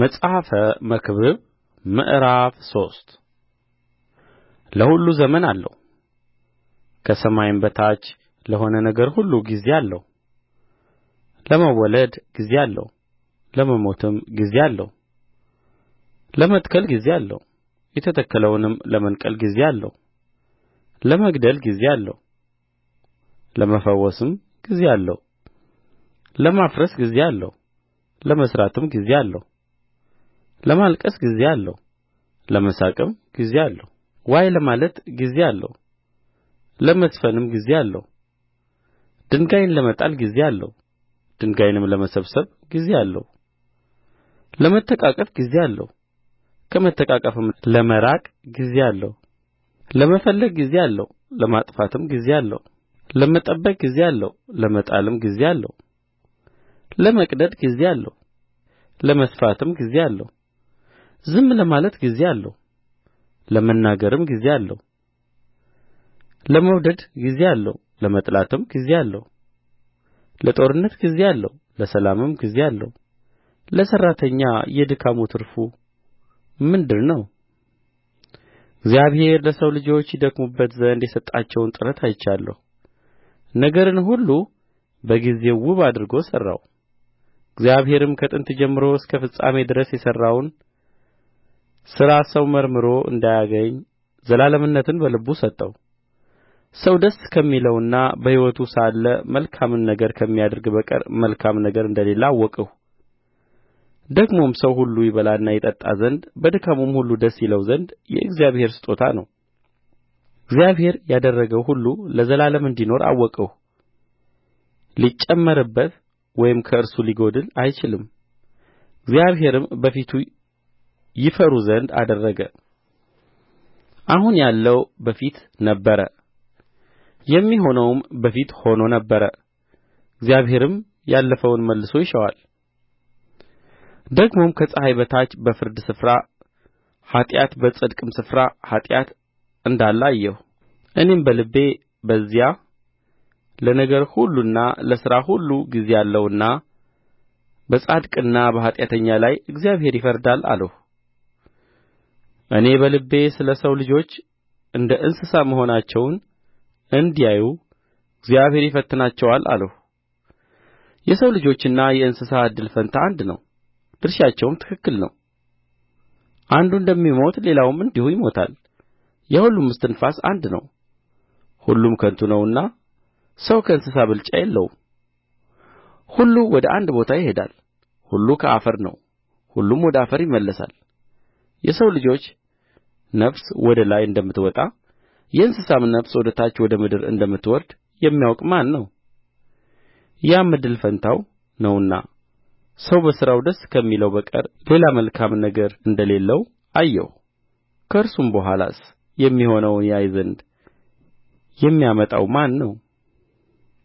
መጽሐፈ መክብብ ምዕራፍ ሶስት ለሁሉ ዘመን አለው ከሰማይም በታች ለሆነ ነገር ሁሉ ጊዜ አለው ለመወለድ ጊዜ አለው ለመሞትም ጊዜ አለው ለመትከል ጊዜ አለው የተተከለውንም ለመንቀል ጊዜ አለው ለመግደል ጊዜ አለው ለመፈወስም ጊዜ አለው ለማፍረስ ጊዜ አለው ለመሥራትም ጊዜ አለው ለማልቀስ ጊዜ አለው ለመሳቅም ጊዜ አለው ዋይ ለማለት ጊዜ አለው ለመዝፈንም ጊዜ አለው ድንጋይን ለመጣል ጊዜ አለው ድንጋይንም ለመሰብሰብ ጊዜ አለው ለመተቃቀፍ ጊዜ አለው ከመተቃቀፍም ለመራቅ ጊዜ አለው ለመፈለግ ጊዜ አለው ለማጥፋትም ጊዜ አለው ለመጠበቅ ጊዜ አለው ለመጣልም ጊዜ አለው ለመቅደድ ጊዜ አለው ለመስፋትም ጊዜ አለው ዝም ለማለት ጊዜ አለው ለመናገርም ጊዜ አለው ለመውደድ ጊዜ አለው ለመጥላትም ጊዜ አለው ለጦርነት ጊዜ አለው ለሰላምም ጊዜ አለው ለሠራተኛ የድካሙ ትርፉ ምንድር ነው እግዚአብሔር ለሰው ልጆች ይደክሙበት ዘንድ የሰጣቸውን ጥረት አይቻለሁ ነገርን ሁሉ በጊዜው ውብ አድርጎ ሠራው እግዚአብሔርም ከጥንት ጀምሮ እስከ ፍጻሜ ድረስ የሠራውን ሥራ ሰው መርምሮ እንዳያገኝ ዘላለምነትን በልቡ ሰጠው ሰው ደስ ከሚለውና በሕይወቱ ሳለ መልካምን ነገር ከሚያደርግ በቀር መልካም ነገር እንደሌለ አወቅሁ ደግሞም ሰው ሁሉ ይበላና ይጠጣ ዘንድ በድካሙም ሁሉ ደስ ይለው ዘንድ የእግዚአብሔር ስጦታ ነው እግዚአብሔር ያደረገው ሁሉ ለዘላለም እንዲኖር አወቅሁ ሊጨመርበት ወይም ከእርሱ ሊጐድል አይችልም እግዚአብሔርም በፊቱ ይፈሩ ዘንድ አደረገ አሁን ያለው በፊት ነበረ የሚሆነውም በፊት ሆኖ ነበር እግዚአብሔርም ያለፈውን መልሶ ይሸዋል ደግሞም ከፀሐይ በታች በፍርድ ስፍራ ኃጢአት በጽድቅም ስፍራ ኃጢአት እንዳለ አየሁ እኔም በልቤ በዚያ ለነገር ሁሉና ለሥራ ሁሉ ጊዜ አለውና በጻድቅና በኃጢአተኛ ላይ እግዚአብሔር ይፈርዳል አልሁ እኔ በልቤ ስለ ሰው ልጆች እንደ እንስሳ መሆናቸውን እንዲያዩ እግዚአብሔር ይፈትናቸዋል አልሁ የሰው ልጆችና የእንስሳ እድል ፈንታ አንድ ነው ድርሻቸውም ትክክል ነው አንዱ እንደሚሞት ሌላውም እንዲሁ ይሞታል የሁሉም እስትንፋስ አንድ ነው ሁሉም ከንቱ ነውና ሰው ከእንስሳ ብልጫ የለውም ሁሉ ወደ አንድ ቦታ ይሄዳል ሁሉ ከአፈር ነው ሁሉም ወደ አፈር ይመለሳል የሰው ልጆች ነፍስ ወደ ላይ እንደምትወጣ የእንስሳም ነፍስ ወደ ታች ወደ ምድር እንደምትወርድ የሚያውቅ ማን ነው ያም እድል ፈንታው ነውና ሰው በሥራው ደስ ከሚለው በቀር ሌላ መልካም ነገር እንደሌለው አየሁ ከእርሱም በኋላስ የሚሆነውን ያይ ዘንድ የሚያመጣው ማን ነው